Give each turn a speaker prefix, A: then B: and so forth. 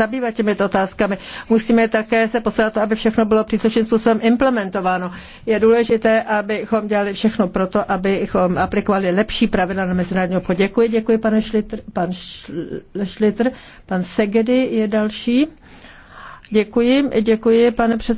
A: zabývat těmito otázkami. Musíme také se postarat to, aby všechno bylo příslušným způsobem implementováno. Je důležité, abychom dělali všechno pro to, abychom aplikovali lepší pravidla na mezinárodní obchod. Děkuji, děkuji pane Šlitr, pan Šlitr, pan Segedy je další. Děkuji, děkuji pane předsedo.